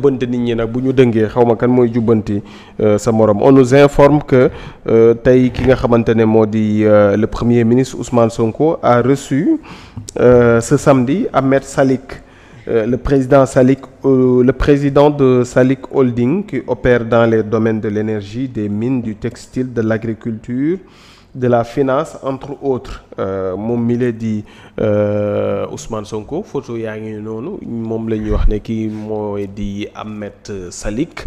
jubbanti nit ñi nag bu ñu dëngee xawma kan mooy jubbanti euh, sa morom on nous informe que euh, tey ki nga xamante ne moo di euh, le premier ministre Ousmane Sonko a reçu euh, ce samedi Ahmed Salik le président Salik euh, le président de Salik Holding qui opère dans les domaines de l'énergie, des mines, du textile, de l'agriculture de la finance entre autres euh, moom mi la di euh, Ousmane Sonko photo yaa ngi noonu moom la ñuy wax ne kii mooy di Ahmet Salik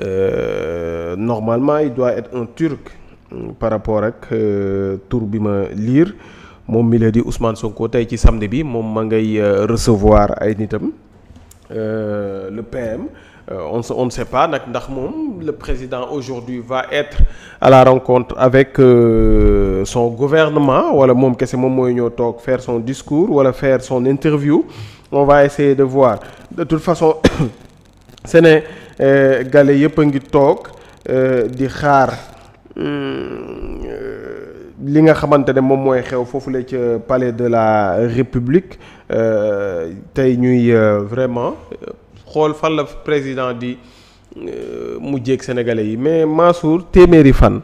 euh, normalement il doit être un turc par rapport ak tour bi ma liir moom mi la di Ousmane Sonko tey ci samedi bi moom ma ngay recevoir ay nitam le PM. Euh, on on ne sait pas nag ndax moom le président aujourd'hui va être à la rencontre avec euh, son gouvernement wala moom kese moom mooy ñoo toog faire son discours wala fair son interview on va essayer de voir de toute façon Sénégalais euh, yëpp a ngi toog di xaar hmm, li nga xamante ne moom mooy xew foofu la ci palais de la République tey ñuy vraiment xool fan la président di euh, mu jéeg sénégalais yi mais Mansour téeméeri fan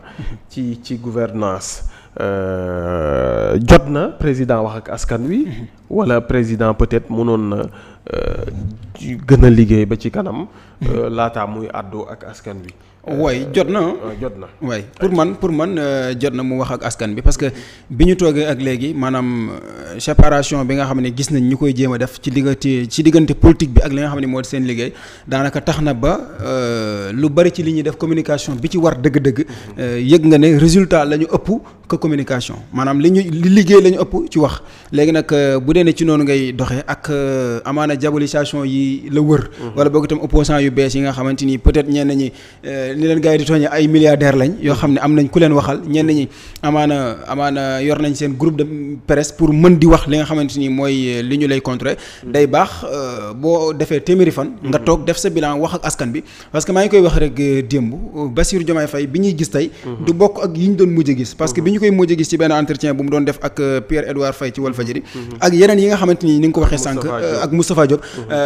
ci ci gouvernance euh, jot na président wax ak askan wi wala président peut-être mënoon na euh, gën a liggéey ba ci kanam Euh, laataa muy àddoo ak askan bi euh, waay jot na euh, jot na waay pour man pour man jot na mu wax ak askan bi parce que bi ñu toogee ak léegi maanaam séparation bi nga xam ne gis nañ ñu koy jéem a def ci diggante ci diggante politique bi ak li nga xam ne moo seen liggéey daanaka tax na ba lu bari ci li ñuy def communication bi ci war dëgg-dëgg yëg nga ne résultat la ñu ëpp que communication maanaam li ñu li liggéey la ëpp ci wax léegi nag bu dee ne ci noonu ngay doxee ak amaana diabolisation yi la mm-hmm. yu bees yi nga xamante ni peut-être ñenn ni euh, leen gars di tooñee ay milliardaires lañ yoo xam ne am nañ ku leen waxal ñenn ñi amaana amaana yor nañ seen groupe de presse pour mën di wax li nga xamante ni mooy euh, li ñu lay contrer day baax euh, boo defee téeméeri fan. nga toog def bi parce que maa ngi koy wax rek démb Bassirou Diomaye bi ñuy gis tey. Mhm. du bokk yi ñu doon mujj gis. parce que bi ñu mhm. Mhm. ko waxee sànq ak Moustapha Diop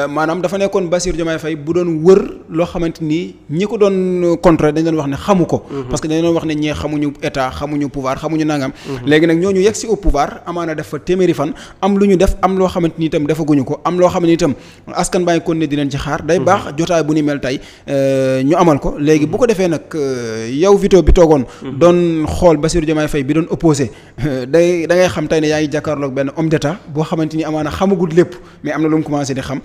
maanaam dafa nekkoon Bassirou Diomaye Faye bu doon wër loo xamante ni ñi ko doon contre dañ doon wax ne xamu ko. Mhm. parce que dañ doon wax ne ñee xamuñu état xamuñu pouvoir xamuñu nangam. Mhm. léegi nag ñooñu yegg si au pouvoir amaana def fa téeméeri fan am lu ñu def am loo xamante ni itam defaguñu ko am loo xam ne itam askan baa kon ne di leen ci xaar. day mhm. baax jotaay bu ni mel tey euh, ñu amal ko léegi bu ko defee nag euh, yow Vito bi toogoon. doon xool Bassirou Diomaye Faye bi doon opposé euh, da ngay xam tey ne yaa ngi jàkkaarloog benn homme d'état boo xamante ni amaana xamagul lépp mais am na lu mu commencé di xam.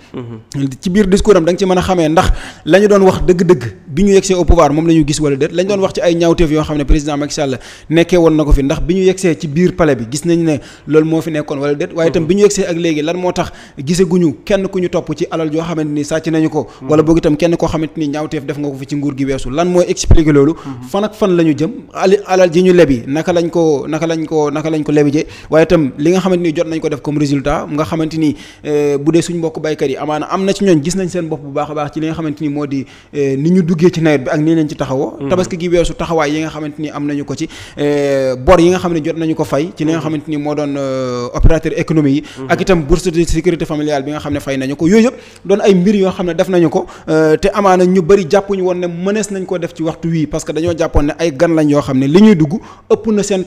ci biir discours am da ci mën a xamee ndax la ñu doon wax dëgg-dëgg bi ñu yegsee au moom la gis wala déet la doon wax ci ay ñaawteef yoo xam ne président Macky Sall nekkee woon na ko fi ndax bi ñu yegsee ci biir palais bi gis nañ ne loolu moo fi nekkoon wala déet waaye itam bi ñu yegsee ak léegi lan moo tax giseguñu kenn ku ñu topp ci alal joo xamante ni sàcc nañu ko wala boog itam kenn koo xamante ni ñaawteef def nga ko fi ci nguur gi weesu lan mooy expliquer loolu fan ak fan la ñu jëm alal ji ñu lebi naka lañ ko ko naka lañ euh, a baax xamante ni moo di eh, ni ñu duggee ci nawet bi ak nii leen ci taxawoo mm-hmm. tabaski gi weesu taxawaay yi nga xamante ni am nañu ko ci eh, bor yi nga xam ne jot nañu ko fay ci li nga mm-hmm. xamante ni moo doon eh, opérateur économie yi mm-hmm. ak itam bourse sécurité familiale bi nga xam ne fay nañu ko yooyu yëpp doon ay mbir yoo xam ne def nañu ko te amaana ñu bëri jàppuñu woon ne mënees nañ ko def ci waxtu wii parce que dañoo jàppoon ne ay gan lañ yoo xam ne li ñuy dugg ëpp na seen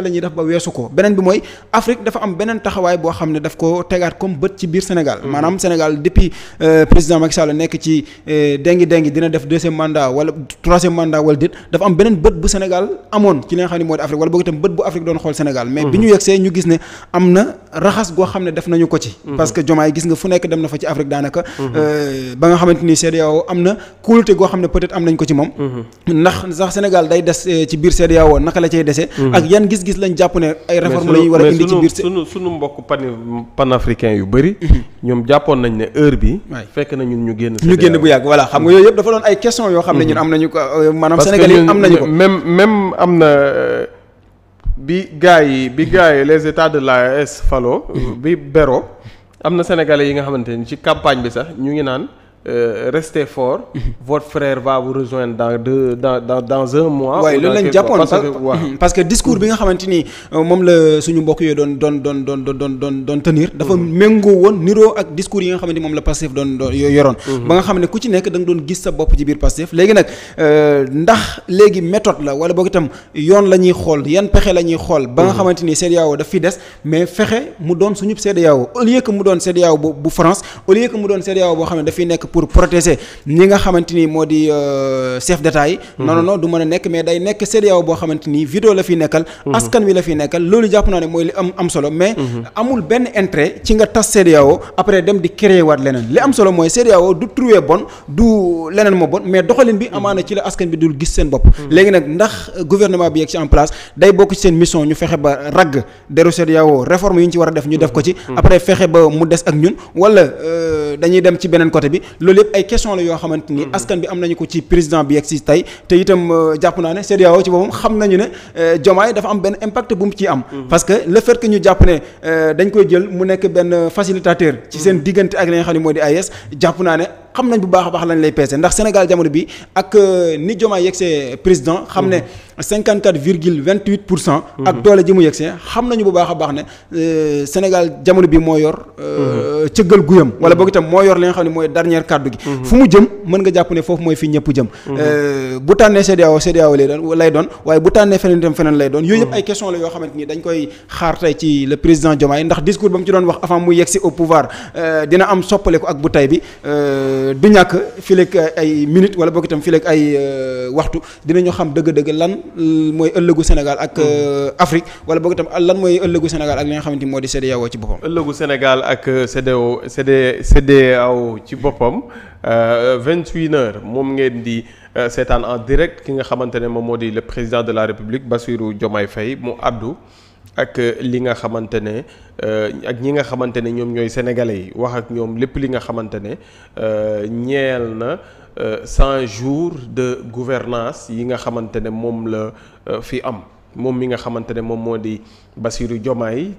la ñuy def ba mooy Afrique dafa am beneen taxawaay boo xam ne daf ko tegaat comme bët ci biir Sénégal mm-hmm. maanaam Sénégal depuis euh, président Macky Sall nekk ci euh, dengi dengi dina def deuxième mandat wala troisième mandat wala déet dafa am beneen bët bu Sénégal amoon ci li nga xam ne moo di Afrique wala boog itam bët bu Afrique doon xool Sénégal mais bi mm-hmm. ñu yegsee ñu gis xam ne def nañu ko ci mm-hmm. parce que Diomaye gis nga fu nekk dem na fa ci Afrique daanaka euh, ba nga xamante ni CEDEAO am na kóolute goo xam ne peut-être am nañ ko ci moom ndax sax Sénégal day des ci biir CEDEAO naka la cay desee ak yan gis-gis lañ jàpp ne ay réforme yi war a indi ci biir sunu sunu mbokk pan panafricain yu bëri mhm. ñoom jàppoon nañ ne heure bi fekk na ñun ñu génn ñu génn bu yàgg voilà xam nga yooyu yëpp dafa doon ay question yoo xam ne ñun mhm. am nañu ko euh, maanaam Sénégal yi am nañu ko même même am na euh, bi gars yi bi gars yi les états de l'AES falo mhm. bi Bero am na sénégalais yi nga xamante ni ci campagne bi sax ñu ngi naan Euh, restez fort. Mhm. votre frère va vous rejoindre dans deux dans dans dans un mois. waaye loolu lañ jàppoon parce que parce que discours bi nga xamante ni euh, moom la suñu mbokk yooyu doon doon doon doon doon doon doon tenir. dafa mhm. méngoo woon niroo ak discours yi nga xamante ni moom la Pastef doon doon yoroon. Mhm. ba nga xam ne ku ci nekk da nga doon gis sa bopp ci biir Pastef léegi nag euh, ndax léegi méthode la wala boog itam yoon la ñuy xool yan pexe la ñuy xool. ba nga xamante ni CEDEAO daf fi des mais fexe mu doon suñu CEDEAO au lieu que mu doon CEDEAO bu bu France au lieu que mu doon CEDEAO boo xam ne daf fi nekk pour protéger ñi nga xamante ni moo di euh, chef d'état yi mm-hmm. non non non du mën a nekk mais day nekk CEDEAO boo xamante ni vidéo la fi nekkal mm-hmm. askan wi la fi nekkal loolu jàpp naa ne mooy li am am solo mais mm-hmm. amul benn intérêt ci nga tas CEDEAO après dem di créer waat leneen li am solo mooy CEDEAO du trouver bon du leneen ma bon mais doxalin bi amaana ci la askan bi dul gis seen bopp léegi nag ndax gouvernement bi yegg ci en place day bokk ci seen mission ñu fexe ba ragg deru CEDEAO yi ñu war a def ñu def ko ci après fexe ba mu des ak ñun wala euh, dañuy dem ci beneen côté bi loolu yëpp ay question la yoo xamante ni mhm. askan bi am nañu ko ci président bi yegg si tey te itam euh, jàpp naa ne CEDEAO ci boppam xam nañu ne jomaay euh, dafa am benn impact bu mu ci am mhm. parce que le fait ñu jàpp ne euh, dañ koy jël mu nekk benn facilitateur ci mhm. seen diggante ak li xam ne moo di AES jàpp naa ne xam nañ bu baax a baax lañ lay peese ndax Sénégal jamono bi ak euh, ni Diomaye yegsee président xam ne 54 vingt 28 pour cent mhm. ak doole ji mu yegsee xam nañu bu baax a baax ne euh, Sénégal jamono bi moo yor euh, mhm. cëggal guyam wala boog itam moo yor li xam ne mooy dernière kàddu gi mhm. fu mu jëm mën nga jàpp ne foofu mooy fi ñëpp jëm bu tànnee CEDEAO CEDEAO lay doon waaye bu tànnee feneen itam feneen lay doon yooyu yëpp ay question la yoo xamante ni dañ koy xaar tey ci le ndax discours ba mu doon wax avant mu am soppaleku ak bu tay bi Euh, du ñàkk fileeg euh, ay minutes wala boog itam fileeg ay euh, waxtu dinañu xam dëgg-dëgg lan mooy ëllëgu Sénégal ak hmm. Afrique wala boog itam lan mooy ëllëgu Sénégal ak li nga xamante ni moo di CEDEAO ci boppam. ëllëgu Sénégal ak CEDEAO CD CEDEAO ci boppam 28 heures moom ngeen di. seetaan en direct ki nga xamante ne moom moo di le président de la république Bassirou Diomaye Faye mu àddu ak euh, li nga xamante ne euh, ak ñi nga xamante ne ñoom ñooy sénégalais yi wax ak ñoom lépp li nga xamante ne euh, ñeel na cent jour de gouvernance yi nga xamante ne moom la fi am moom mi nga xamante ne moom moo di Bassirou Diomaye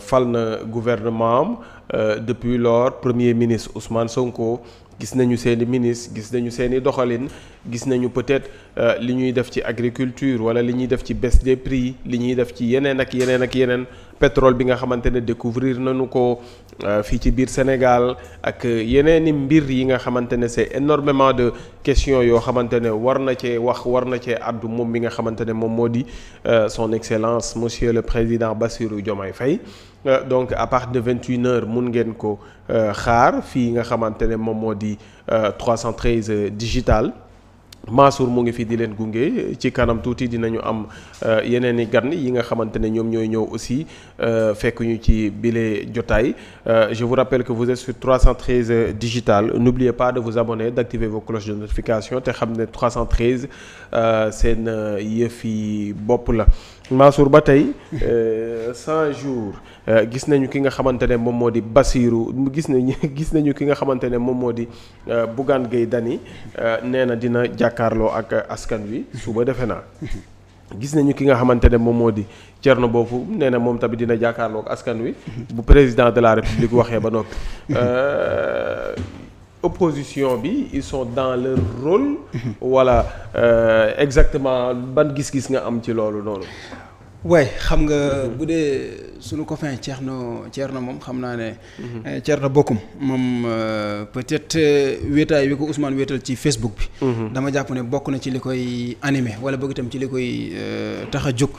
fal na gouvernement am depuis lors premier ministre Ousmane Sonko gis nañu seen i ministre gis nañu seen i doxalin gis nañu peut-être euh, li ñuy def ci agriculture wala li ñuy def ci baisse de prix li ñuy def ci yeneen ak yeneen ak yeneen pétrole bi nga xamante ne découvrir nañu ko euh, fii ci biir Sénégal ak yeneen i mbir yi nga xamante ne c'est énormément de questions yoo xamante ne war na cee wax war na cee àddu moom mi nga xamante ne moom moo di euh, son excellence monsieur le président Bassirou Diomaye Faye Euh, donc à partir de vingt une mun ngeen ko euh, xaar fii nga xamante ne moom moo di 313 euh, digital Mansour mu ngi fi di leen gunge ci kanam tuuti dinañu am euh, yeneen i gan yi nga xamante ne ñoom ñooy ñëw aussi euh, fekk ñu ci bile jotaay euh, je vous rappelle que vous êtes sur 313 digital n'oubliez pas de vous abonner d'activer vos cloches de notification te xam ne 313 seen yëf bopp la Mansour ba tey 100 jours gis nañu ki nga xamante ne moom moo di Basirou gis nañu gis nañu ki nga xamante ne moom moo di Bougane Gueye Dany nee na dina jàkk jàkkaarloo ak askan wi suba defe naa gis nañu ki nga xamante ne moom moo di Thierno boobu nee na moom tamit dina jàkkaarloo ak askan wi bu président de la république waxee ba noppi euh, opposition bi ils sont dans le rôle wala voilà, euh, exactement ban gis-gis nga am ci loolu noonu way xam nga mhm. bu dee ceex copain ceer Thierno moom xam naa ne. Mhm. Eh, Thierno bokkum moom euh, peut-être euh, wéetaay wi ko Ousmane wéetal ci Facebook bi. Mhm. dama jàpp ne bokk na ci li koy animé wala bëgg itam ci li koy euh, tax a jóg.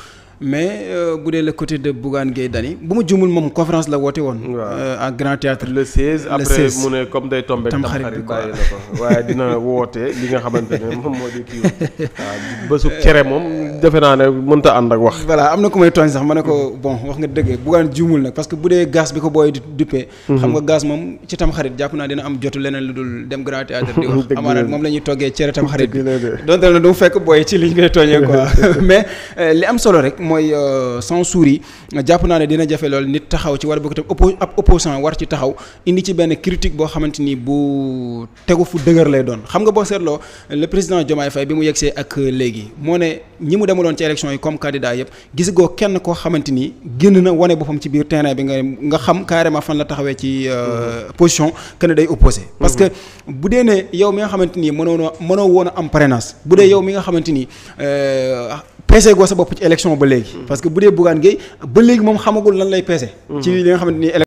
mais bu dee la côté de Bougane Gueye Dany bu ma juumul moom conférence la woote woon. waaw ak Grand Théâtre le 16 après mu ne comme day tombé tam xarit bi bàyyi ko waaye dina wootee li nga xamante ne moom moo di kii waaw ah, bésu cere moom. defe naa ne mënta ànd ak wax. voilà am na ku may tooñ sax ma ne ko bon wax nga dëgg bugaan juumul nag parce que bu dee gaz bi ko booy duppee. Mhm. xam nga gaz moom ci tam xarit jàpp naa dina am jotu leneen lu dul dem grand théâtre di wax amaana moom la ñuy toggee cere tam xarit bi donte na du fekk booy ci liñ koy tooñee quoi mais euh, li am solo rek mooy euh, censure yi jàpp naa ne dina jafe lool nit taxaw ci war boo ko tam oppo ab opposant war ci taxaw indi ci benn critique boo xamante ni bu tegu fu dëgër lay doon xam nga boo seetloo le président Diomaye Faye bi mu yegsee ak léegi moo ne ñi mu demuloon ci élection yi comme candidat yëpp gis goo kenn koo xamante ni génn na wane boppam ci biir terrain bi nga nga xam carrément fan la taxawee ci euh, mhm. position que day opposé parce que mhm. bu dee ne yow mi nga xamante ni mënoo mënoo woon am parrainage bu dee mhm. yow mi nga xamante ni euh, peese goo sa bopp ci élection ba léegi parce que bu dee Bougane Gueye ba léegi moom xamagul lan lay peese ci li nga xamante ni